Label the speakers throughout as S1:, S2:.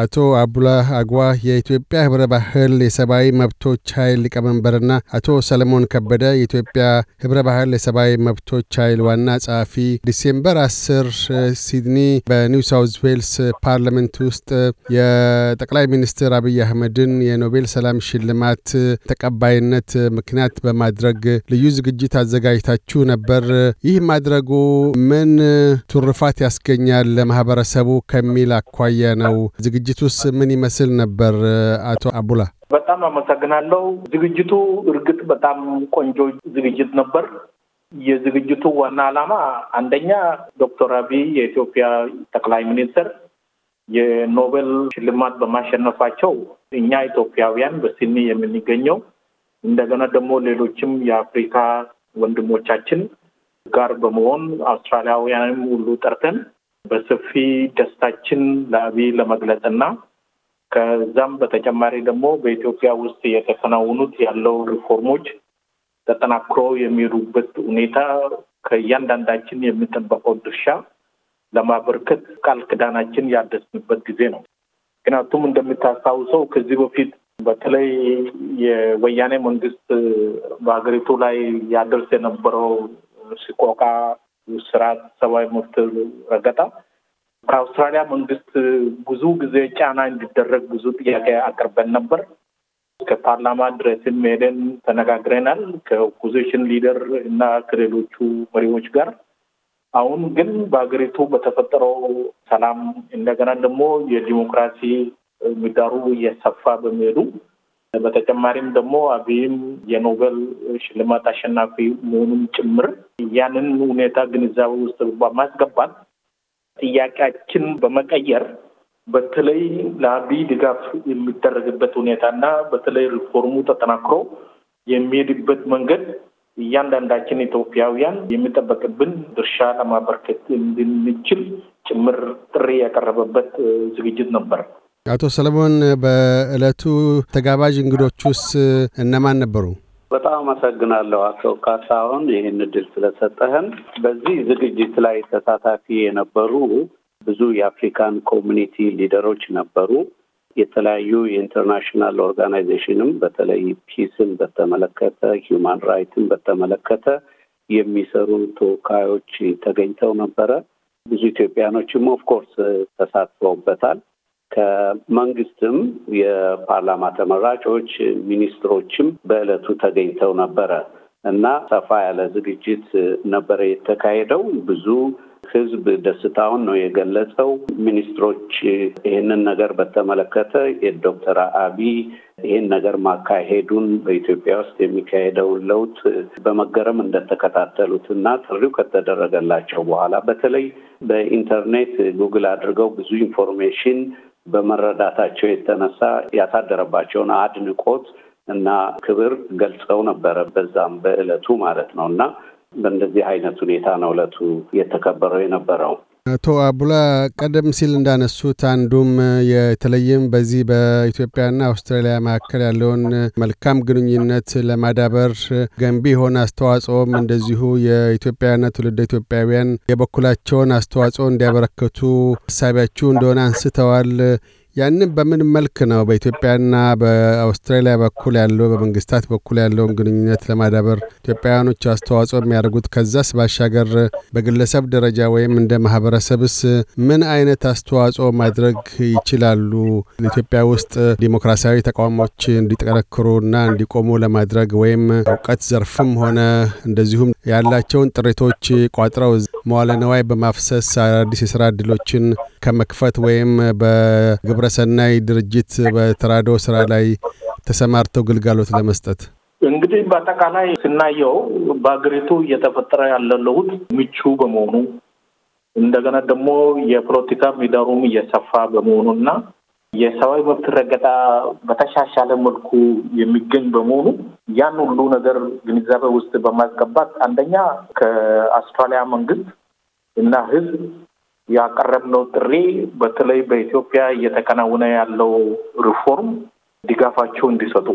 S1: አቶ አቡላህ አግዋ የኢትዮጵያ ህብረ ባህል የሰብአዊ መብቶች ኃይል ሊቀመንበርና አቶ ሰለሞን ከበደ የኢትዮጵያ ህብረ ባህል የሰብአዊ መብቶች ኃይል ዋና ጸሐፊ ዲሴምበር 10 ሲድኒ በኒው ሳውዝ ዌልስ ፓርላመንት ውስጥ የጠቅላይ ሚኒስትር አብይ አህመድን የኖቤል ሰላም ሽልማት ተቀባይነት ምክንያት በማድረግ ልዩ ዝግጅት አዘጋጅታችሁ ነበር። ይህ ማድረጉ ምን ቱርፋት ያስገኛል ለማህበረሰቡ ከሚል አኳያ ነው። ውስጥ ምን ይመስል ነበር? አቶ አቡላ በጣም
S2: አመሰግናለሁ። ዝግጅቱ እርግጥ በጣም ቆንጆ ዝግጅት ነበር። የዝግጅቱ ዋና ዓላማ አንደኛ ዶክተር አብይ የኢትዮጵያ ጠቅላይ ሚኒስትር የኖቤል ሽልማት በማሸነፋቸው እኛ ኢትዮጵያውያን በሲኒ የምንገኘው እንደገና ደግሞ ሌሎችም የአፍሪካ ወንድሞቻችን ጋር በመሆን አውስትራሊያውያንም ሁሉ ጠርተን በሰፊ ደስታችን ለአቢ ለመግለጽ እና ከዛም በተጨማሪ ደግሞ በኢትዮጵያ ውስጥ የተከናወኑት ያለው ሪፎርሞች ተጠናክሮ የሚሄዱበት ሁኔታ ከእያንዳንዳችን የሚጠበቀው ድርሻ ለማበርከት ቃል ክዳናችን ያደስንበት ጊዜ ነው። ምክንያቱም እንደምታስታውሰው ከዚህ በፊት በተለይ የወያኔ መንግስት በሀገሪቱ ላይ ያደርስ የነበረው ሲቆቃ ። ስርዓት ሰብአዊ መብት ረገጣ ከአውስትራሊያ መንግስት ብዙ ጊዜ ጫና እንዲደረግ ብዙ ጥያቄ አቅርበን ነበር። ከፓርላማ ድረስም ሄደን ተነጋግረናል ከኦፖዚሽን ሊደር እና ከሌሎቹ መሪዎች ጋር። አሁን ግን በሀገሪቱ በተፈጠረው ሰላም እንደገና ደግሞ የዲሞክራሲ ምህዳሩ እየሰፋ በመሄዱ በተጨማሪም ደግሞ አብይም የኖቤል ሽልማት አሸናፊ መሆኑን ጭምር ያንን ሁኔታ ግንዛቤ ውስጥ በማስገባት ጥያቄያችን በመቀየር በተለይ ለአብይ ድጋፍ የሚደረግበት ሁኔታ እና በተለይ ሪፎርሙ ተጠናክሮ የሚሄድበት መንገድ እያንዳንዳችን ኢትዮጵያውያን የሚጠበቅብን ድርሻ ለማበርከት እንድንችል ጭምር ጥሪ ያቀረበበት ዝግጅት ነበር።
S1: አቶ ሰለሞን በእለቱ ተጋባዥ እንግዶች ውስጥ እነማን ነበሩ?
S3: በጣም አመሰግናለሁ አቶ ካሳሁን ይህን እድል ስለሰጠህን። በዚህ ዝግጅት ላይ ተሳታፊ የነበሩ ብዙ የአፍሪካን ኮሚኒቲ ሊደሮች ነበሩ። የተለያዩ የኢንተርናሽናል ኦርጋናይዜሽንም በተለይ ፒስን በተመለከተ ሂውማን ራይትን በተመለከተ የሚሰሩ ተወካዮች ተገኝተው ነበረ። ብዙ ኢትዮጵያኖችም ኦፍኮርስ ተሳትፈውበታል። ከመንግስትም የፓርላማ ተመራጮች፣ ሚኒስትሮችም በዕለቱ ተገኝተው ነበረ እና ሰፋ ያለ ዝግጅት ነበረ የተካሄደው። ብዙ ህዝብ ደስታውን ነው የገለጸው። ሚኒስትሮች ይህንን ነገር በተመለከተ የዶክተር አብይ ይህን ነገር ማካሄዱን በኢትዮጵያ ውስጥ የሚካሄደውን ለውጥ በመገረም እንደተከታተሉት እና ጥሪው ከተደረገላቸው በኋላ በተለይ በኢንተርኔት ጉግል አድርገው ብዙ ኢንፎርሜሽን በመረዳታቸው የተነሳ ያሳደረባቸውን አድንቆት እና ክብር ገልጸው ነበረ። በዛም በእለቱ ማለት ነው እና በእንደዚህ አይነት ሁኔታ ነው እለቱ የተከበረው የነበረው።
S1: አቶ አቡላ ቀደም ሲል እንዳነሱት አንዱም የተለይም በዚህ በኢትዮጵያና አውስትራሊያ መካከል ያለውን መልካም ግንኙነት ለማዳበር ገንቢ የሆነ አስተዋጽኦም እንደዚሁ የኢትዮጵያውያንና ትውልደ ኢትዮጵያውያን የበኩላቸውን አስተዋጽኦ እንዲያበረከቱ ሳቢያችሁ እንደሆነ አንስተዋል። ያንን በምን መልክ ነው በኢትዮጵያና በአውስትራሊያ በኩል ያለው በመንግስታት በኩል ያለውን ግንኙነት ለማዳበር ኢትዮጵያውያኖች አስተዋጽኦ የሚያደርጉት? ከዛስ ባሻገር በግለሰብ ደረጃ ወይም እንደ ማህበረሰብስ ምን አይነት አስተዋጽኦ ማድረግ ይችላሉ? ኢትዮጵያ ውስጥ ዲሞክራሲያዊ ተቋሞች እንዲጠነክሩና እንዲቆሙ ለማድረግ ወይም እውቀት ዘርፍም ሆነ እንደዚሁም ያላቸውን ጥሪቶች ቋጥረው መዋለ ነዋይ በማፍሰስ አዳዲስ የስራ እድሎችን ከመክፈት ወይም በግብ ህብረሰናይ ድርጅት በተራድኦ ስራ ላይ ተሰማርተው ግልጋሎት ለመስጠት
S2: እንግዲህ በአጠቃላይ ስናየው በሀገሪቱ እየተፈጠረ ያለ ለውጥ ምቹ በመሆኑ እንደገና ደግሞ የፖለቲካ ሚዳሩም እየሰፋ በመሆኑ እና የሰብአዊ መብት ረገጣ በተሻሻለ መልኩ የሚገኝ በመሆኑ ያን ሁሉ ነገር ግንዛቤ ውስጥ በማስገባት አንደኛ ከአውስትራሊያ መንግስት እና ህዝብ ያቀረብነው ጥሪ በተለይ በኢትዮጵያ እየተከናወነ ያለው ሪፎርም ድጋፋቸው እንዲሰጡ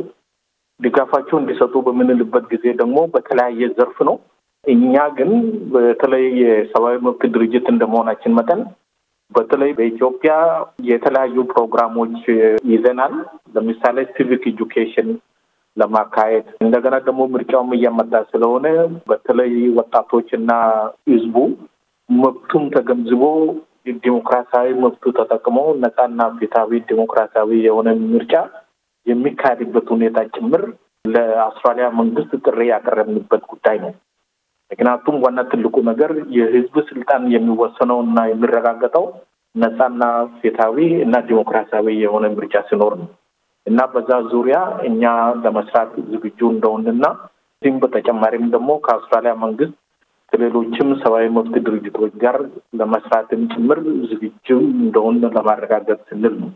S2: ድጋፋቸው እንዲሰጡ በምንልበት ጊዜ ደግሞ በተለያየ ዘርፍ ነው። እኛ ግን በተለይ የሰብአዊ መብት ድርጅት እንደመሆናችን መጠን በተለይ በኢትዮጵያ የተለያዩ ፕሮግራሞች ይዘናል። ለምሳሌ ሲቪክ ኤጁኬሽን ለማካሄድ እንደገና ደግሞ ምርጫውም እያመጣ ስለሆነ በተለይ ወጣቶች እና ህዝቡ መብቱን ተገንዝቦ ዲሞክራሲያዊ መብቱ ተጠቅሞ ነጻና ፍትሃዊ ዲሞክራሲያዊ የሆነ ምርጫ የሚካሄድበት ሁኔታ ጭምር ለአውስትራሊያ መንግስት ጥሪ ያቀረብንበት ጉዳይ ነው። ምክንያቱም ዋና ትልቁ ነገር የህዝብ ስልጣን የሚወሰነው እና የሚረጋገጠው ነጻና ፍትሃዊ እና ዲሞክራሲያዊ የሆነ ምርጫ ሲኖር ነው እና በዛ ዙሪያ እኛ ለመስራት ዝግጁ እንደሆንና እዚህም በተጨማሪም ደግሞ ከአውስትራሊያ መንግስት ከሌሎችም ሰብአዊ መብት ድርጅቶች ጋር ለመስራትም ጭምር ዝግጁ እንደሆነ ለማረጋገጥ ስንል ነው።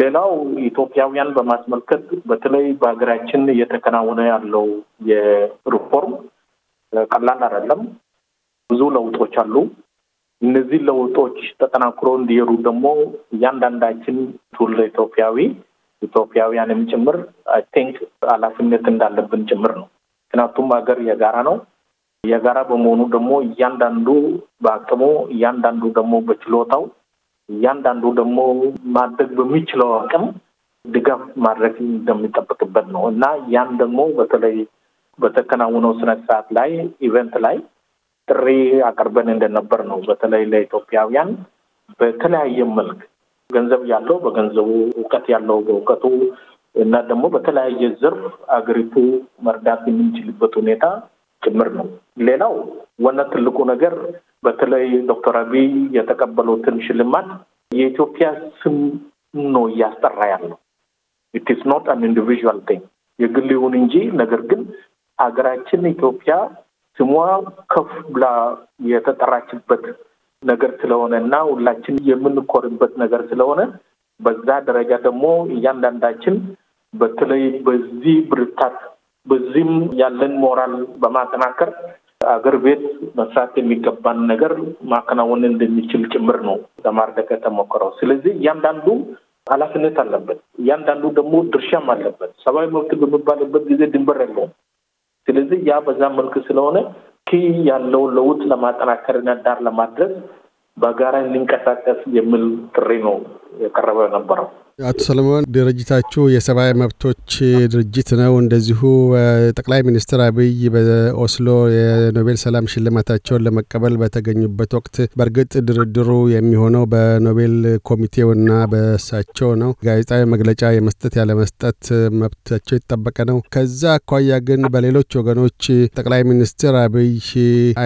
S2: ሌላው ኢትዮጵያውያን በማስመልከት በተለይ በሀገራችን እየተከናወነ ያለው የሪፎርም ቀላል አይደለም። ብዙ ለውጦች አሉ። እነዚህ ለውጦች ተጠናክሮ እንዲሄዱ ደግሞ እያንዳንዳችን ቱል ኢትዮጵያዊ ኢትዮጵያውያንም ጭምር አይ ቲንክ ኃላፊነት እንዳለብን ጭምር ነው። ምክንያቱም ሀገር የጋራ ነው። የጋራ በመሆኑ ደግሞ እያንዳንዱ በአቅሙ እያንዳንዱ ደግሞ በችሎታው እያንዳንዱ ደግሞ ማድረግ በሚችለው አቅም ድጋፍ ማድረግ እንደሚጠበቅበት ነው እና ያን ደግሞ በተለይ በተከናውነው ስነ ስርዓት ላይ ኢቨንት ላይ ጥሪ አቅርበን እንደነበር ነው። በተለይ ለኢትዮጵያውያን በተለያየ መልክ ገንዘብ ያለው በገንዘቡ፣ እውቀት ያለው በእውቀቱ እና ደግሞ በተለያየ ዘርፍ አገሪቱ መርዳት የምንችልበት ሁኔታ ጭምር ነው። ሌላው ዋና ትልቁ ነገር በተለይ ዶክተር አብይ የተቀበሉትን ሽልማት የኢትዮጵያ ስም ነው እያስጠራ ያለው ኢትስ ኖት አን ኢንዲቪዥዋል ቲንግ የግል ይሁን እንጂ ነገር ግን ሀገራችን ኢትዮጵያ ስሟ ከፍ ብላ የተጠራችበት ነገር ስለሆነ እና ሁላችን የምንኮርበት ነገር ስለሆነ በዛ ደረጃ ደግሞ እያንዳንዳችን በተለይ በዚህ ብርታት በዚህም ያለን ሞራል በማጠናከር አገር ቤት መስራት የሚገባን ነገር ማከናወን እንደሚችል ጭምር ነው ለማድረግ የተሞከረው። ስለዚህ እያንዳንዱ ኃላፊነት አለበት፣ እያንዳንዱ ደግሞ ድርሻም አለበት። ሰብአዊ መብት በሚባልበት ጊዜ ድንበር የለውም። ስለዚህ ያ በዛ መልክ ስለሆነ ኪ ያለውን ለውጥ ለማጠናከርና ዳር ለማድረስ በጋራ እንንቀሳቀስ የሚል ጥሪ ነው የቀረበ
S1: የነበረው። አቶ ሰለሞን ድርጅታችሁ የሰብአዊ መብቶች ድርጅት ነው። እንደዚሁ ጠቅላይ ሚኒስትር አብይ በኦስሎ የኖቤል ሰላም ሽልማታቸውን ለመቀበል በተገኙበት ወቅት በእርግጥ ድርድሩ የሚሆነው በኖቤል ኮሚቴውና በእሳቸው ነው። ጋዜጣዊ መግለጫ የመስጠት ያለመስጠት መብታቸው የተጠበቀ ነው። ከዛ አኳያ ግን በሌሎች ወገኖች ጠቅላይ ሚኒስትር አብይ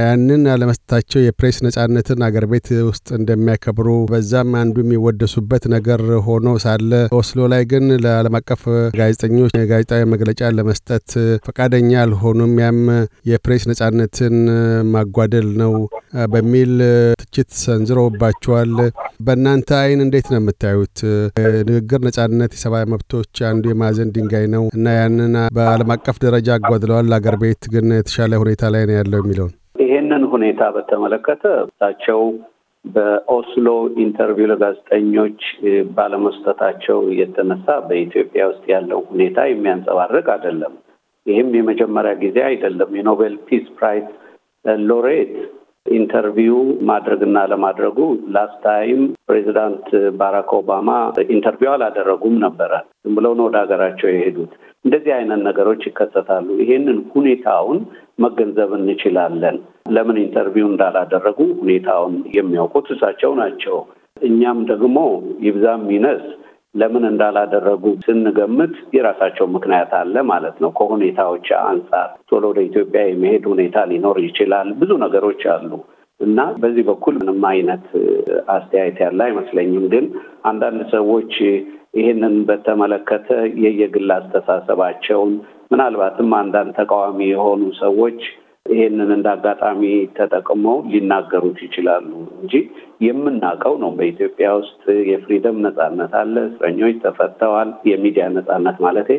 S1: ያንን ያለመስጠታቸው የፕሬስ ነጻነትን አገር ቤት ውስጥ እንደሚያከብሩ በዛም አንዱ የሚወደሱበት ነገር ሆኖ ሳ አለ። ኦስሎ ላይ ግን ለዓለም አቀፍ ጋዜጠኞች ጋዜጣዊ መግለጫ ለመስጠት ፈቃደኛ አልሆኑም። ያም የፕሬስ ነጻነትን ማጓደል ነው በሚል ትችት ሰንዝረውባቸዋል። በእናንተ አይን እንዴት ነው የምታዩት? ንግግር ነጻነት የሰብአዊ መብቶች አንዱ የማዕዘን ድንጋይ ነው እና ያንን በዓለም አቀፍ ደረጃ አጓድለዋል። አገር ቤት ግን የተሻለ ሁኔታ ላይ ነው ያለው የሚለውን
S3: ይህንን ሁኔታ በተመለከተ እሳቸው በኦስሎ ኢንተርቪው ለጋዜጠኞች ባለመስጠታቸው የተነሳ በኢትዮጵያ ውስጥ ያለው ሁኔታ የሚያንጸባርቅ አይደለም። ይህም የመጀመሪያ ጊዜ አይደለም። የኖቤል ፒስ ፕራይዝ ሎሬት ኢንተርቪው ማድረግና ለማድረጉ ላስት ታይም ፕሬዚዳንት ባራክ ኦባማ ኢንተርቪው አላደረጉም ነበረ። ዝም ብለው ነው ወደ ሀገራቸው የሄዱት። እንደዚህ አይነት ነገሮች ይከሰታሉ። ይሄንን ሁኔታውን መገንዘብ እንችላለን። ለምን ኢንተርቪው እንዳላደረጉ ሁኔታውን የሚያውቁት እሳቸው ናቸው። እኛም ደግሞ ይብዛም ይነስ ለምን እንዳላደረጉ ስንገምት የራሳቸው ምክንያት አለ ማለት ነው። ከሁኔታዎች አንጻር ቶሎ ወደ ኢትዮጵያ የመሄድ ሁኔታ ሊኖር ይችላል። ብዙ ነገሮች አሉ እና በዚህ በኩል ምንም አይነት አስተያየት ያለ አይመስለኝም። ግን አንዳንድ ሰዎች ይህንን በተመለከተ የየግል አስተሳሰባቸውን ምናልባትም አንዳንድ ተቃዋሚ የሆኑ ሰዎች ይህንን እንደ አጋጣሚ ተጠቅመው ሊናገሩት ይችላሉ እንጂ የምናውቀው ነው። በኢትዮጵያ ውስጥ የፍሪደም ነጻነት አለ። እስረኞች ተፈተዋል። የሚዲያ ነጻነት ማለት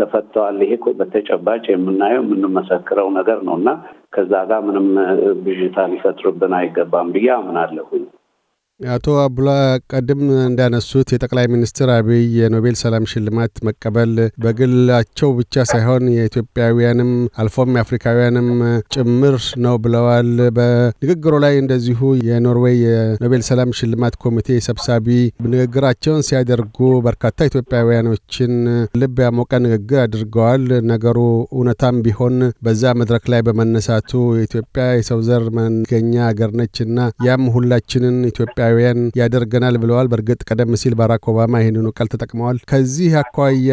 S3: ተፈተዋል። ይሄ በተጨባጭ የምናየው የምንመሰክረው ነገር ነው እና ከዛ ጋር ምንም ብዥታ ሊፈጥርብን አይገባም ብዬ አምናለሁኝ።
S1: አቶ አቡላ ቀድም እንዳነሱት የጠቅላይ ሚኒስትር አብይ የኖቤል ሰላም ሽልማት መቀበል በግላቸው ብቻ ሳይሆን የኢትዮጵያውያንም አልፎም የአፍሪካውያንም ጭምር ነው ብለዋል። በንግግሩ ላይ እንደዚሁ የኖርዌይ የኖቤል ሰላም ሽልማት ኮሚቴ ሰብሳቢ ንግግራቸውን ሲያደርጉ በርካታ ኢትዮጵያውያኖችን ልብ ያሞቀ ንግግር አድርገዋል። ነገሩ እውነታም ቢሆን በዛ መድረክ ላይ በመነሳቱ ኢትዮጵያ የሰው ዘር መገኛ አገር ነች እና ያም ሁላችንን ኢትዮጵያ ኢትዮጵያውያን ያደርገናል ብለዋል። በእርግጥ ቀደም ሲል ባራክ ኦባማ ይህንኑ ቃል ተጠቅመዋል። ከዚህ አኳያ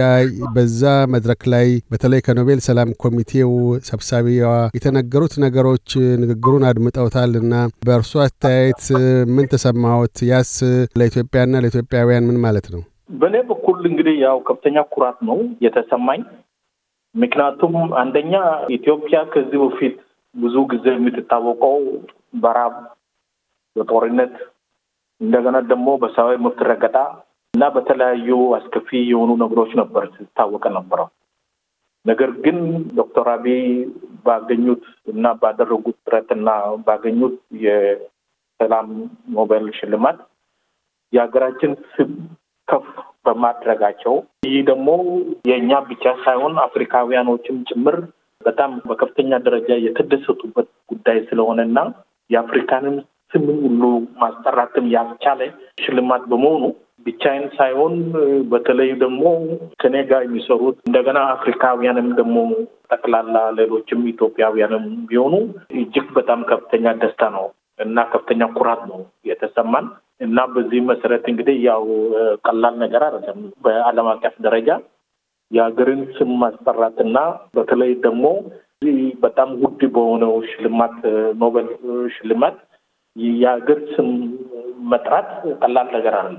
S1: በዛ መድረክ ላይ በተለይ ከኖቤል ሰላም ኮሚቴው ሰብሳቢዋ የተነገሩት ነገሮች ንግግሩን አድምጠውታል እና በእርሱ አስተያየት ምን ተሰማዎት? ያስ ለኢትዮጵያና ለኢትዮጵያውያን ምን ማለት ነው?
S2: በእኔ በኩል እንግዲህ ያው ከፍተኛ ኩራት ነው የተሰማኝ። ምክንያቱም አንደኛ ኢትዮጵያ ከዚህ በፊት ብዙ ጊዜ የምትታወቀው በራብ፣ በጦርነት እንደገና ደግሞ በሰብአዊ መብት ረገጣ እና በተለያዩ አስከፊ የሆኑ ነገሮች ነበር ሲታወቀ ነበረው። ነገር ግን ዶክተር አብይ ባገኙት እና ባደረጉት ጥረት እና ባገኙት የሰላም ኖቤል ሽልማት የሀገራችን ስም ከፍ በማድረጋቸው ይህ ደግሞ የእኛ ብቻ ሳይሆን አፍሪካውያኖችም ጭምር በጣም በከፍተኛ ደረጃ የተደሰቱበት ጉዳይ ስለሆነ እና የአፍሪካንም ስምን ሁሉ ማስጠራትም ያስቻለ ሽልማት በመሆኑ ብቻዬን ሳይሆን በተለይ ደግሞ ከኔ ጋር የሚሰሩት እንደገና አፍሪካውያንም ደግሞ ጠቅላላ ሌሎችም ኢትዮጵያውያንም ቢሆኑ እጅግ በጣም ከፍተኛ ደስታ ነው እና ከፍተኛ ኩራት ነው የተሰማን እና በዚህ መሰረት እንግዲህ ያው ቀላል ነገር አይደለም። በዓለም አቀፍ ደረጃ የሀገርን ስም ማስጠራት እና በተለይ ደግሞ በጣም ውድ በሆነው ሽልማት ኖበል ሽልማት የሀገር ስም መጥራት ቀላል ነገር አለ።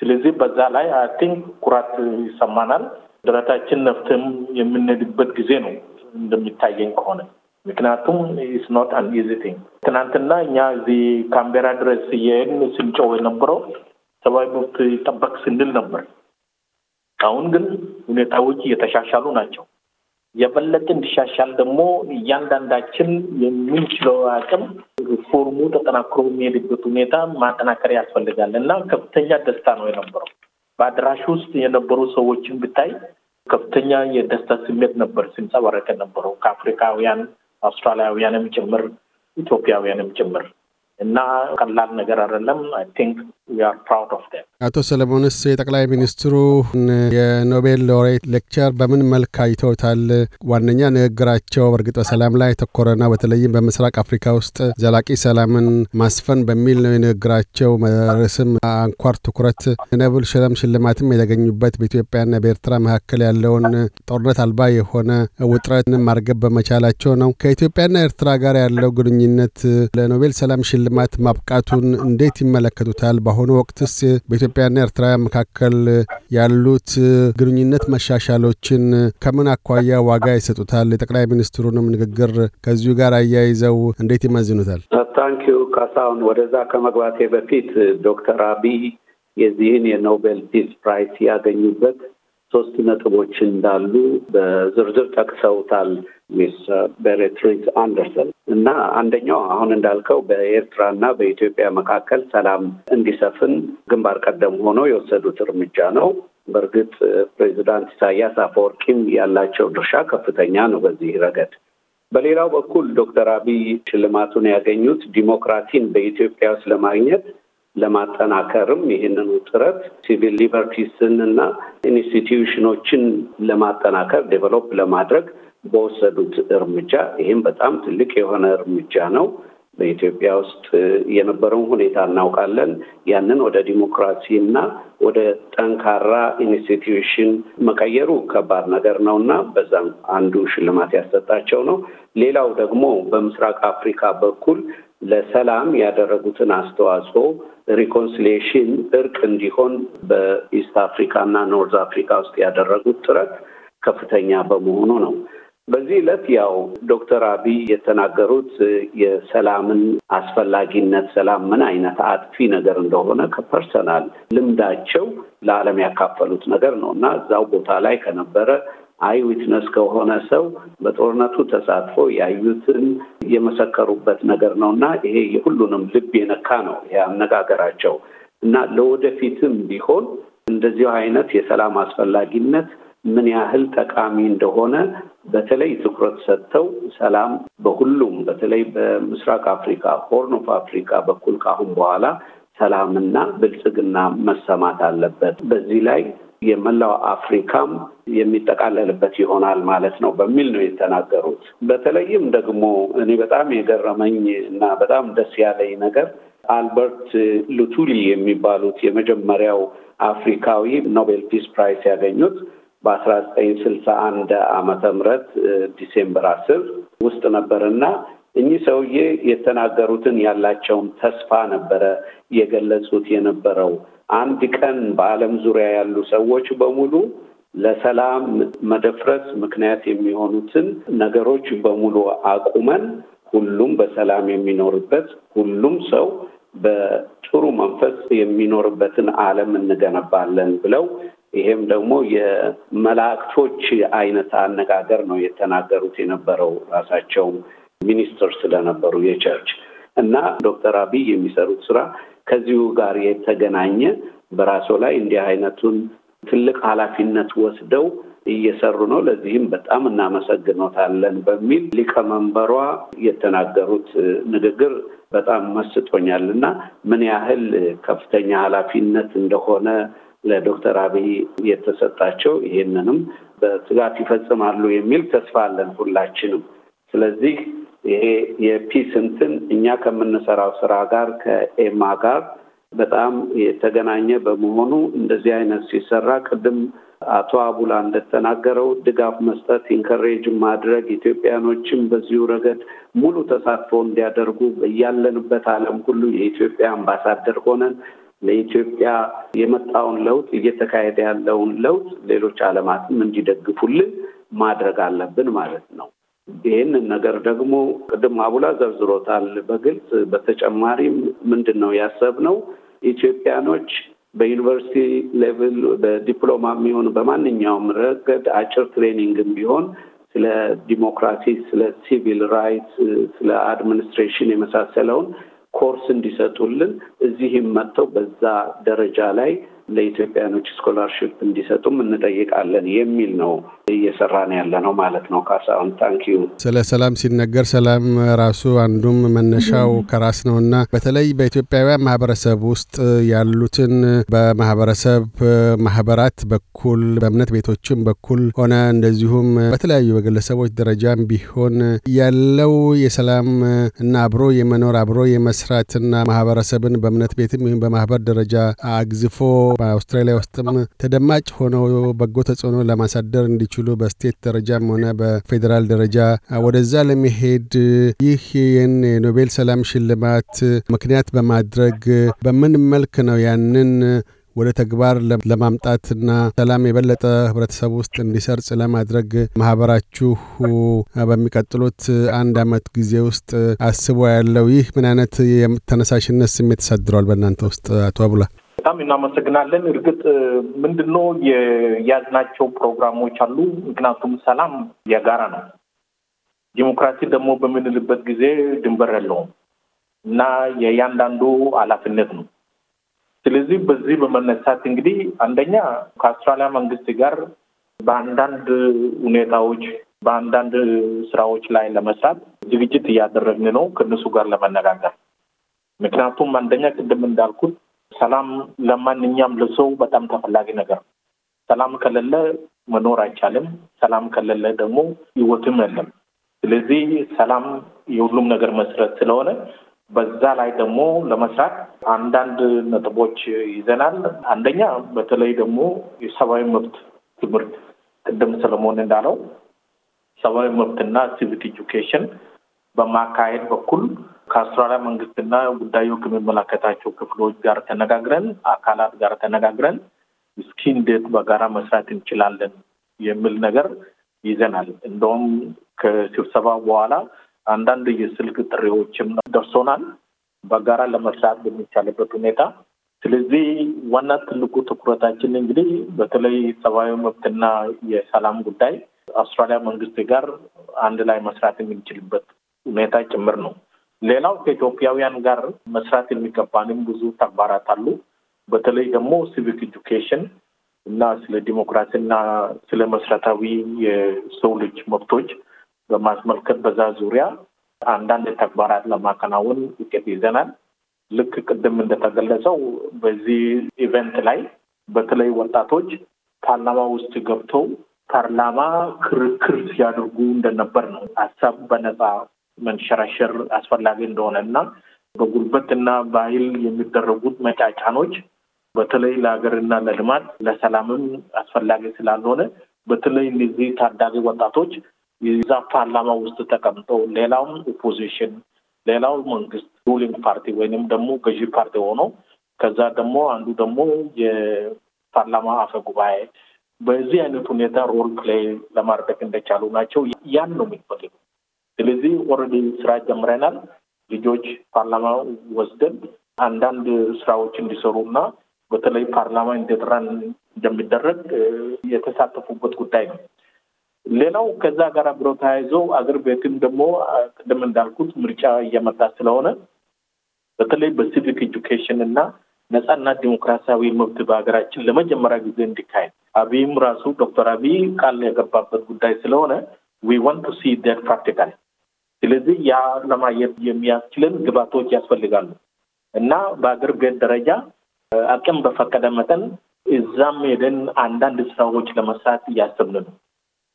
S2: ስለዚህ በዛ ላይ አይ ቲንክ ኩራት ይሰማናል። ደረታችን ነፍትም የምንሄድበት ጊዜ ነው እንደሚታየኝ ከሆነ ምክንያቱም ስኖት አን ኢዚ ቲንግ። ትናንትና እኛ እዚህ ካምቤራ ድረስ የን ስንጮህ የነበረው ሰብአዊ መብት ይጠበቅ ስንል ነበር። አሁን ግን ሁኔታዎች እየተሻሻሉ ናቸው። የበለጠ እንዲሻሻል ደግሞ እያንዳንዳችን የምንችለው አቅም ፎርሙ ተጠናክሮ የሚሄድበት ሁኔታ ማጠናከር ያስፈልጋል እና ከፍተኛ ደስታ ነው የነበረው። በአድራሽ ውስጥ የነበሩ ሰዎችን ብታይ ከፍተኛ የደስታ ስሜት ነበር ሲንጸባረቅ ነበረው ከአፍሪካውያን አውስትራሊያውያንም ጭምር ኢትዮጵያውያንም ጭምር እና ቀላል ነገር አይደለም። አይ ቲንክ ዊ አር ፕራውድ ኦፍ ዴም።
S1: አቶ ሰለሞንስ የጠቅላይ ሚኒስትሩ የኖቤል ሎሬት ሌክቸር በምን መልክ አይተውታል? ዋነኛ ንግግራቸው በእርግጥ በሰላም ላይ ተኮረና በተለይም በምስራቅ አፍሪካ ውስጥ ዘላቂ ሰላምን ማስፈን በሚል ነው የንግግራቸው ርዕስም አንኳር ትኩረት። የኖቤል ሰላም ሽልማትም የተገኙበት በኢትዮጵያና በኤርትራ መካከል ያለውን ጦርነት አልባ የሆነ ውጥረትን ማርገብ በመቻላቸው ነው። ከኢትዮጵያና ኤርትራ ጋር ያለው ግንኙነት ለኖቤል ሰላም ሽልማት ለመደማት ማብቃቱን እንዴት ይመለከቱታል? በአሁኑ ወቅትስ በኢትዮጵያና ኤርትራ መካከል ያሉት ግንኙነት መሻሻሎችን ከምን አኳያ ዋጋ ይሰጡታል? የጠቅላይ ሚኒስትሩንም ንግግር ከዚሁ ጋር አያይዘው እንዴት ይመዝኑታል?
S3: ታንኪዩ ካሳሁን። ወደዛ ከመግባቴ በፊት ዶክተር አብይ የዚህን የኖቤል ፒስ ፕራይስ ያገኙበት ሶስት ነጥቦች እንዳሉ በዝርዝር ጠቅሰውታል። ሚስ uh, በሬትሪት አንደርሰን እና አንደኛው አሁን እንዳልከው በኤርትራና በኢትዮጵያ መካከል ሰላም እንዲሰፍን ግንባር ቀደም ሆኖ የወሰዱት እርምጃ ነው። በእርግጥ uh, ፕሬዚዳንት ኢሳያስ አፈወርቂም ያላቸው ድርሻ ከፍተኛ ነው በዚህ ረገድ። በሌላው በኩል ዶክተር አብይ ሽልማቱን ያገኙት ዲሞክራሲን በኢትዮጵያ ውስጥ ለማግኘት ለማጠናከርም ይህንኑ ጥረት ሲቪል ሊበርቲስን እና ኢንስቲትዩሽኖችን ለማጠናከር ዴቨሎፕ ለማድረግ በወሰዱት እርምጃ ይህም በጣም ትልቅ የሆነ እርምጃ ነው። በኢትዮጵያ ውስጥ የነበረውን ሁኔታ እናውቃለን። ያንን ወደ ዲሞክራሲ እና ወደ ጠንካራ ኢንስቲትዩሽን መቀየሩ ከባድ ነገር ነው እና በዛም አንዱ ሽልማት ያሰጣቸው ነው። ሌላው ደግሞ በምስራቅ አፍሪካ በኩል ለሰላም ያደረጉትን አስተዋጽኦ ሪኮንሲሊዬሽን፣ እርቅ እንዲሆን በኢስት አፍሪካ እና ኖርዝ አፍሪካ ውስጥ ያደረጉት ጥረት ከፍተኛ በመሆኑ ነው። በዚህ ዕለት ያው ዶክተር አብይ የተናገሩት የሰላምን አስፈላጊነት ሰላም ምን አይነት አጥፊ ነገር እንደሆነ ከፐርሰናል ልምዳቸው ለዓለም ያካፈሉት ነገር ነው እና እዛው ቦታ ላይ ከነበረ አይ ዊትነስ ከሆነ ሰው በጦርነቱ ተሳትፎ ያዩትን የመሰከሩበት ነገር ነው እና ይሄ የሁሉንም ልብ የነካ ነው አነጋገራቸው እና ለወደፊትም ቢሆን እንደዚሁ አይነት የሰላም አስፈላጊነት ምን ያህል ጠቃሚ እንደሆነ በተለይ ትኩረት ሰጥተው ሰላም በሁሉም በተለይ በምስራቅ አፍሪካ ሆርን ኦፍ አፍሪካ በኩል ከአሁን በኋላ ሰላምና ብልጽግና መሰማት አለበት። በዚህ ላይ የመላው አፍሪካም የሚጠቃለልበት ይሆናል ማለት ነው በሚል ነው የተናገሩት። በተለይም ደግሞ እኔ በጣም የገረመኝ እና በጣም ደስ ያለኝ ነገር አልበርት ሉቱሊ የሚባሉት የመጀመሪያው አፍሪካዊ ኖቤል ፒስ ፕራይስ ያገኙት በአስራ ዘጠኝ ስልሳ አንድ አመተ ምህረት ዲሴምበር አስር ውስጥ ነበርና እኚህ ሰውዬ የተናገሩትን ያላቸውን ተስፋ ነበረ የገለጹት የነበረው። አንድ ቀን በዓለም ዙሪያ ያሉ ሰዎች በሙሉ ለሰላም መደፍረስ ምክንያት የሚሆኑትን ነገሮች በሙሉ አቁመን ሁሉም በሰላም የሚኖርበት ሁሉም ሰው በጥሩ መንፈስ የሚኖርበትን ዓለም እንገነባለን ብለው ይሄም ደግሞ የመላእክቶች አይነት አነጋገር ነው የተናገሩት የነበረው ራሳቸው ሚኒስትር ስለነበሩ የቸርች እና ዶክተር አብይ የሚሰሩት ስራ ከዚሁ ጋር የተገናኘ በራሱ ላይ እንዲህ አይነቱን ትልቅ ኃላፊነት ወስደው እየሰሩ ነው። ለዚህም በጣም እናመሰግኖታለን በሚል ሊቀመንበሯ የተናገሩት ንግግር በጣም መስጦኛል እና ምን ያህል ከፍተኛ ኃላፊነት እንደሆነ ለዶክተር አብይ የተሰጣቸው ይሄንንም በትጋት ይፈጽማሉ የሚል ተስፋ አለን ሁላችንም። ስለዚህ ይሄ የፒስ እንትን እኛ ከምንሰራው ስራ ጋር ከኤማ ጋር በጣም የተገናኘ በመሆኑ እንደዚህ አይነት ሲሰራ ቅድም አቶ አቡላ እንደተናገረው ድጋፍ መስጠት፣ ኢንከሬጅ ማድረግ ኢትዮጵያኖችን በዚሁ ረገድ ሙሉ ተሳትፎ እንዲያደርጉ እያለንበት ዓለም ሁሉ የኢትዮጵያ አምባሳደር ሆነን ለኢትዮጵያ የመጣውን ለውጥ እየተካሄደ ያለውን ለውጥ ሌሎች ዓለማትም እንዲደግፉልን ማድረግ አለብን ማለት ነው። ይህንን ነገር ደግሞ ቅድም አቡላ ዘርዝሮታል በግልጽ። በተጨማሪም ምንድን ነው ያሰብነው ኢትዮጵያኖች በዩኒቨርሲቲ ሌቭል በዲፕሎማ የሚሆን በማንኛውም ረገድ አጭር ትሬኒንግም ቢሆን ስለ ዲሞክራሲ፣ ስለ ሲቪል ራይትስ፣ ስለ አድሚኒስትሬሽን የመሳሰለውን ኮርስ እንዲሰጡልን እዚህም መጥተው በዛ ደረጃ ላይ ለኢትዮጵያኖች ስኮላርሽፕ እንዲሰጡም እንጠይቃለን የሚል ነው ነው ያለ ነው ማለት ነው። ካሳሁን ታንኪዩ።
S1: ስለ ሰላም ሲነገር ሰላም ራሱ አንዱም መነሻው ከራስ ነው እና በተለይ በኢትዮጵያውያን ማህበረሰብ ውስጥ ያሉትን በማህበረሰብ ማህበራት በኩል በእምነት ቤቶችም በኩል ሆነ እንደዚሁም በተለያዩ በግለሰቦች ደረጃም ቢሆን ያለው የሰላም እና አብሮ የመኖር አብሮ የመስራትና ማህበረሰብን በእምነት ቤትም ይሁን በማህበር ደረጃ አግዝፎ በአውስትራሊያ ውስጥም ተደማጭ ሆነው በጎ ተጽዕኖ ለማሳደር እንዲችሉ በስቴት ደረጃም ሆነ በፌዴራል ደረጃ ወደዛ ለመሄድ ይህ ይህን የኖቤል ሰላም ሽልማት ምክንያት በማድረግ በምን መልክ ነው ያንን ወደ ተግባር ለማምጣትና ሰላም የበለጠ ህብረተሰብ ውስጥ እንዲሰርጽ ለማድረግ ማህበራችሁ በሚቀጥሉት አንድ አመት ጊዜ ውስጥ አስቦ ያለው ይህ ምን አይነት የተነሳሽነት ስሜት ተሳድሯል በእናንተ ውስጥ አቶ አቡላ?
S2: በጣም እናመሰግናለን። እርግጥ ምንድን ነው የያዝናቸው ፕሮግራሞች አሉ። ምክንያቱም ሰላም የጋራ ነው። ዲሞክራሲ ደግሞ በምንልበት ጊዜ ድንበር የለውም እና የእያንዳንዱ ኃላፊነት ነው። ስለዚህ በዚህ በመነሳት እንግዲህ አንደኛ ከአውስትራሊያ መንግስት ጋር በአንዳንድ ሁኔታዎች በአንዳንድ ስራዎች ላይ ለመስራት ዝግጅት እያደረግን ነው፣ ከእነሱ ጋር ለመነጋገር ምክንያቱም አንደኛ ቅድም እንዳልኩት ሰላም ለማንኛውም ለሰው በጣም ተፈላጊ ነገር ነው። ሰላም ከሌለ መኖር አይቻልም። ሰላም ከሌለ ደግሞ ህይወትም የለም። ስለዚህ ሰላም የሁሉም ነገር መሰረት ስለሆነ በዛ ላይ ደግሞ ለመስራት አንዳንድ ነጥቦች ይዘናል። አንደኛ በተለይ ደግሞ የሰብአዊ መብት ትምህርት ቅድም ሰለሞን እንዳለው ሰብአዊ መብትና ሲቪክ ኤጁኬሽን በማካሄድ በኩል ከአውስትራሊያ መንግስትና ጉዳዩ ከሚመለከታቸው ክፍሎች ጋር ተነጋግረን አካላት ጋር ተነጋግረን እስኪ እንዴት በጋራ መስራት እንችላለን የሚል ነገር ይዘናል። እንደውም ከስብሰባ በኋላ አንዳንድ የስልክ ጥሪዎችም ደርሶናል በጋራ ለመስራት በሚቻልበት ሁኔታ። ስለዚህ ዋና ትልቁ ትኩረታችን እንግዲህ በተለይ ሰብአዊ መብትና የሰላም ጉዳይ አውስትራሊያ መንግስት ጋር አንድ ላይ መስራት የምንችልበት ሁኔታ ጭምር ነው። ሌላው ከኢትዮጵያውያን ጋር መስራት የሚገባንም ብዙ ተግባራት አሉ። በተለይ ደግሞ ሲቪክ ኤጁኬሽን እና ስለ ዲሞክራሲ እና ስለ መሰረታዊ የሰው ልጅ መብቶች በማስመልከት በዛ ዙሪያ አንዳንድ ተግባራት ለማከናወን እቅድ ይዘናል። ልክ ቅድም እንደተገለጸው በዚህ ኢቨንት ላይ በተለይ ወጣቶች ፓርላማ ውስጥ ገብተው ፓርላማ ክርክር ሲያደርጉ እንደነበር ነው ሀሳብ በነፃ መንሸራሸር አስፈላጊ እንደሆነ እና በጉልበትና በኃይል የሚደረጉት መጫጫኖች በተለይ ለሀገርና ለልማት ለሰላምም አስፈላጊ ስላልሆነ በተለይ እነዚህ ታዳጊ ወጣቶች የዛ ፓርላማ ውስጥ ተቀምጠው ሌላውም ኦፖዚሽን ሌላው መንግስት ሩሊንግ ፓርቲ ወይንም ደግሞ ገዢ ፓርቲ ሆኖ ከዛ ደግሞ አንዱ ደግሞ የፓርላማ አፈ ጉባኤ በዚህ አይነት ሁኔታ ሮል ፕሌይ ለማድረግ እንደቻሉ ናቸው። ያን ነው የሚፈልጉ ስለዚህ ኦልሬዲ ስራ ጀምረናል። ልጆች ፓርላማ ወስደን አንዳንድ ስራዎች እንዲሰሩ እና በተለይ ፓርላማ እንደጥራን እንደሚደረግ የተሳተፉበት ጉዳይ ነው። ሌላው ከዛ ጋር አብሮ ተያይዞ አገር ቤትም ደግሞ ቅድም እንዳልኩት ምርጫ እየመጣ ስለሆነ በተለይ በሲቪክ ኤጁኬሽን እና ነጻና ዲሞክራሲያዊ መብት በሀገራችን ለመጀመሪያ ጊዜ እንዲካሄድ አብይም ራሱ ዶክተር አብይ ቃል የገባበት ጉዳይ ስለሆነ ዊ ዋንት ቱ ሲ ፕራክቲካል ስለዚህ ያ ለማየት የሚያስችልን ግባቶች ያስፈልጋሉ እና በአገር ቤት ደረጃ አቅም በፈቀደ መጠን እዛም ሄደን አንዳንድ ስራዎች ለመስራት እያሰብን ነው።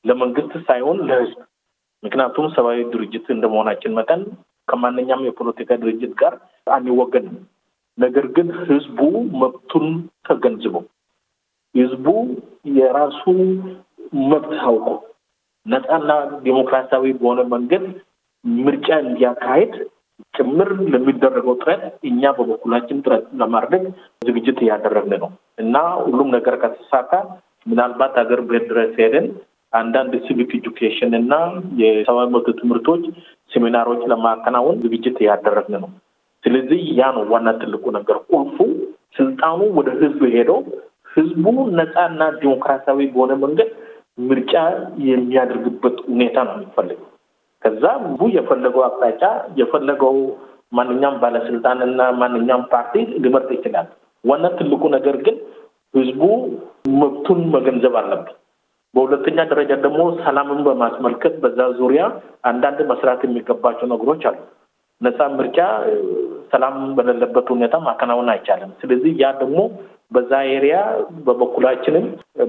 S2: ለመንግስት ሳይሆን ለህዝብ። ምክንያቱም ሰብአዊ ድርጅት እንደመሆናችን መጠን ከማንኛውም የፖለቲካ ድርጅት ጋር አንወገንም። ነገር ግን ህዝቡ መብቱን ተገንዝቦ ህዝቡ የራሱ መብት አውቆ ነፃና ዲሞክራሲያዊ በሆነ መንገድ ምርጫ እንዲያካሄድ ጭምር ለሚደረገው ጥረት እኛ በበኩላችን ጥረት ለማድረግ ዝግጅት እያደረግን ነው እና ሁሉም ነገር ከተሳካ ምናልባት ሀገር ቤት ድረስ ሄደን አንዳንድ ሲቪክ ኤጁኬሽን እና የሰብአዊ መብት ትምህርቶች ሴሚናሮች ለማከናወን ዝግጅት እያደረግን ነው። ስለዚህ ያ ነው ዋና ትልቁ ነገር። ቁልፉ ስልጣኑ ወደ ህዝብ ሄደው ህዝቡ ነፃና ዲሞክራሲያዊ በሆነ መንገድ ምርጫ የሚያደርግበት ሁኔታ ነው የሚፈልገው። ከዛ ህዝቡ የፈለገው አቅጣጫ የፈለገው ማንኛውም ባለስልጣን እና ማንኛውም ፓርቲ ሊመርጥ ይችላል። ዋና ትልቁ ነገር ግን ህዝቡ መብቱን መገንዘብ አለብን። በሁለተኛ ደረጃ ደግሞ ሰላምን በማስመልከት በዛ ዙሪያ አንዳንድ መስራት የሚገባቸው ነገሮች አሉ። ነፃ ምርጫ ሰላም በሌለበት ሁኔታ ማከናወን አይቻልም። ስለዚህ ያ ደግሞ በዛ ኤሪያ በበኩላችንም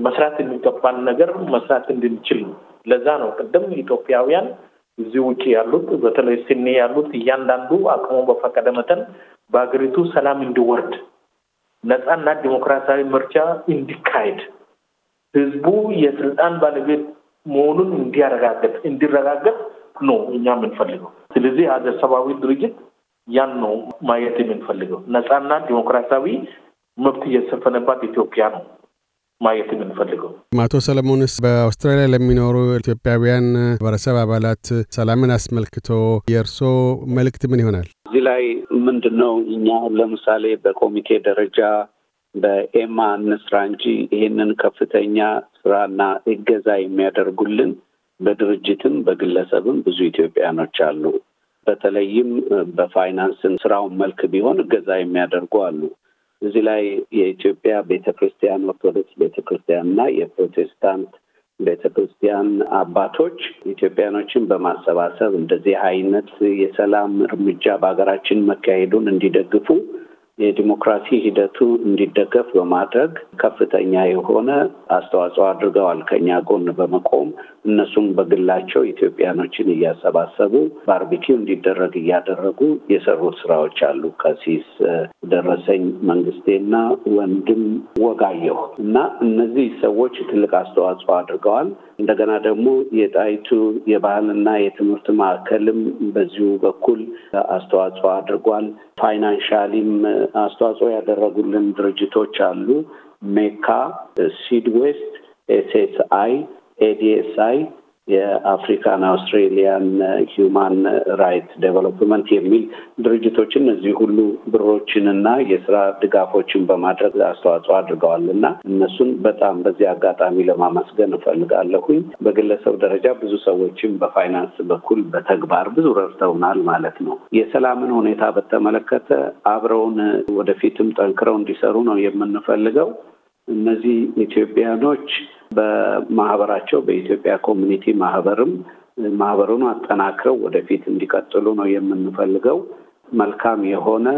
S2: መስራት የሚገባን ነገር መስራት እንድንችል ነው። ለዛ ነው ቅድም ኢትዮጵያውያን እዚህ ውጭ ያሉት በተለይ ሲኒ ያሉት እያንዳንዱ አቅሙ በፈቀደ መጠን በሀገሪቱ ሰላም እንዲወርድ ነጻና ዲሞክራሲያዊ ምርጫ እንዲካሄድ ህዝቡ የስልጣን ባለቤት መሆኑን እንዲያረጋገጥ እንዲረጋገጥ ነው እኛ የምንፈልገው። ስለዚህ ሀገር ሰብአዊ ድርጅት ያን ነው ማየት የምንፈልገው። ነጻና ዲሞክራሲያዊ መብት እየተሰፈነባት ኢትዮጵያ ነው። ማየት የምንፈልገው።
S1: አቶ ሰለሞንስ በአውስትራሊያ ለሚኖሩ ኢትዮጵያውያን ማህበረሰብ አባላት ሰላምን አስመልክቶ የእርሶ መልእክት ምን ይሆናል?
S2: እዚህ ላይ
S3: ምንድን ነው እኛ ለምሳሌ በኮሚቴ ደረጃ በኤማ እንስራ እንጂ ይህንን ከፍተኛ ስራና እገዛ የሚያደርጉልን በድርጅትም በግለሰብም ብዙ ኢትዮጵያኖች አሉ። በተለይም በፋይናንስን ስራውን መልክ ቢሆን እገዛ የሚያደርጉ አሉ። እዚህ ላይ የኢትዮጵያ ቤተክርስቲያን ኦርቶዶክስ ቤተክርስቲያን ና እና የፕሮቴስታንት ቤተክርስቲያን አባቶች ኢትዮጵያኖችን በማሰባሰብ እንደዚህ አይነት የሰላም እርምጃ በሀገራችን መካሄዱን እንዲደግፉ የዲሞክራሲ ሂደቱ እንዲደገፍ በማድረግ ከፍተኛ የሆነ አስተዋጽኦ አድርገዋል። ከኛ ጎን በመቆም እነሱም በግላቸው ኢትዮጵያኖችን እያሰባሰቡ ባርቢኪው እንዲደረግ እያደረጉ የሰሩት ስራዎች አሉ። ቀሲስ ደረሰኝ መንግስቴና ወንድም ወጋየሁ እና እነዚህ ሰዎች ትልቅ አስተዋጽኦ አድርገዋል። እንደገና ደግሞ የጣይቱ የባህልና የትምህርት ማዕከልም በዚሁ በኩል አስተዋጽኦ አድርጓል። ፋይናንሻሊም አስተዋጽኦ ያደረጉልን ድርጅቶች አሉ። ሜካ፣ ሲድ ዌስት፣ ኤስ ኤስ አይ፣ አይ የአፍሪካን አውስትሬሊያን ሂዩማን ራይት ዴቨሎፕመንት የሚል ድርጅቶችን እነዚህ ሁሉ ብሮችንና የስራ ድጋፎችን በማድረግ አስተዋጽኦ አድርገዋል እና እነሱን በጣም በዚህ አጋጣሚ ለማመስገን እፈልጋለሁኝ። በግለሰብ ደረጃ ብዙ ሰዎችም በፋይናንስ በኩል በተግባር ብዙ ረድተውናል ማለት ነው። የሰላምን ሁኔታ በተመለከተ አብረውን ወደፊትም ጠንክረው እንዲሰሩ ነው የምንፈልገው እነዚህ ኢትዮጵያኖች በማህበራቸው በኢትዮጵያ ኮሚኒቲ ማህበርም ማህበሩን አጠናክረው ወደፊት እንዲቀጥሉ ነው የምንፈልገው። መልካም የሆነ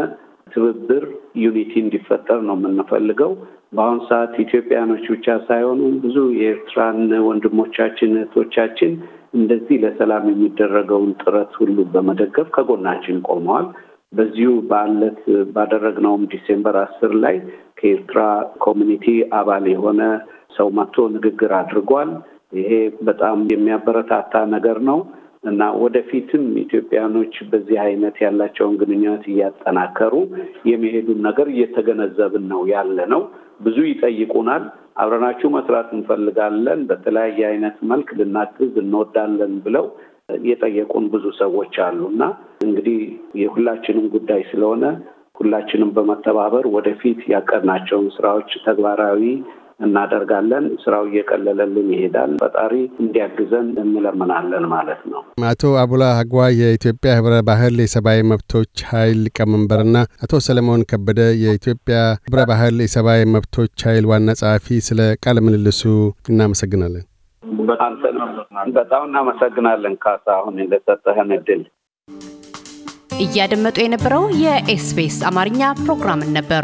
S3: ትብብር ዩኒቲ እንዲፈጠር ነው የምንፈልገው። በአሁኑ ሰዓት ኢትዮጵያኖች ብቻ ሳይሆኑ ብዙ የኤርትራን ወንድሞቻችን እህቶቻችን እንደዚህ ለሰላም የሚደረገውን ጥረት ሁሉ በመደገፍ ከጎናችን ቆመዋል። በዚሁ በአለት ባደረግነውም ዲሴምበር አስር ላይ ከኤርትራ ኮሚኒቲ አባል የሆነ ሰው መጥቶ ንግግር አድርጓል። ይሄ በጣም የሚያበረታታ ነገር ነው እና ወደፊትም ኢትዮጵያኖች በዚህ አይነት ያላቸውን ግንኙነት እያጠናከሩ የሚሄዱን ነገር እየተገነዘብን ነው ያለ ነው። ብዙ ይጠይቁናል። አብረናችሁ መስራት እንፈልጋለን፣ በተለያየ አይነት መልክ ልናግዝ እንወዳለን ብለው የጠየቁን ብዙ ሰዎች አሉ እና እንግዲህ የሁላችንም ጉዳይ ስለሆነ ሁላችንም በመተባበር ወደፊት ያቀድናቸውን ስራዎች ተግባራዊ እናደርጋለን። ስራው እየቀለለልን ይሄዳል። ፈጣሪ እንዲያግዘን እንለምናለን
S1: ማለት ነው። አቶ አቡላ አግዋ የኢትዮጵያ ህብረ ባህል የሰብአዊ መብቶች ኃይል ሊቀመንበርና አቶ ሰለሞን ከበደ የኢትዮጵያ ህብረ ባህል የሰብአዊ መብቶች ኃይል ዋና ጸሐፊ፣ ስለ ቃለ ምልልሱ እናመሰግናለን።
S3: በጣም እናመሰግናለን ካሳ አሁን ለሰጠህን እድል። እያደመጡ የነበረው የኤስቢኤስ አማርኛ ፕሮግራምን ነበር።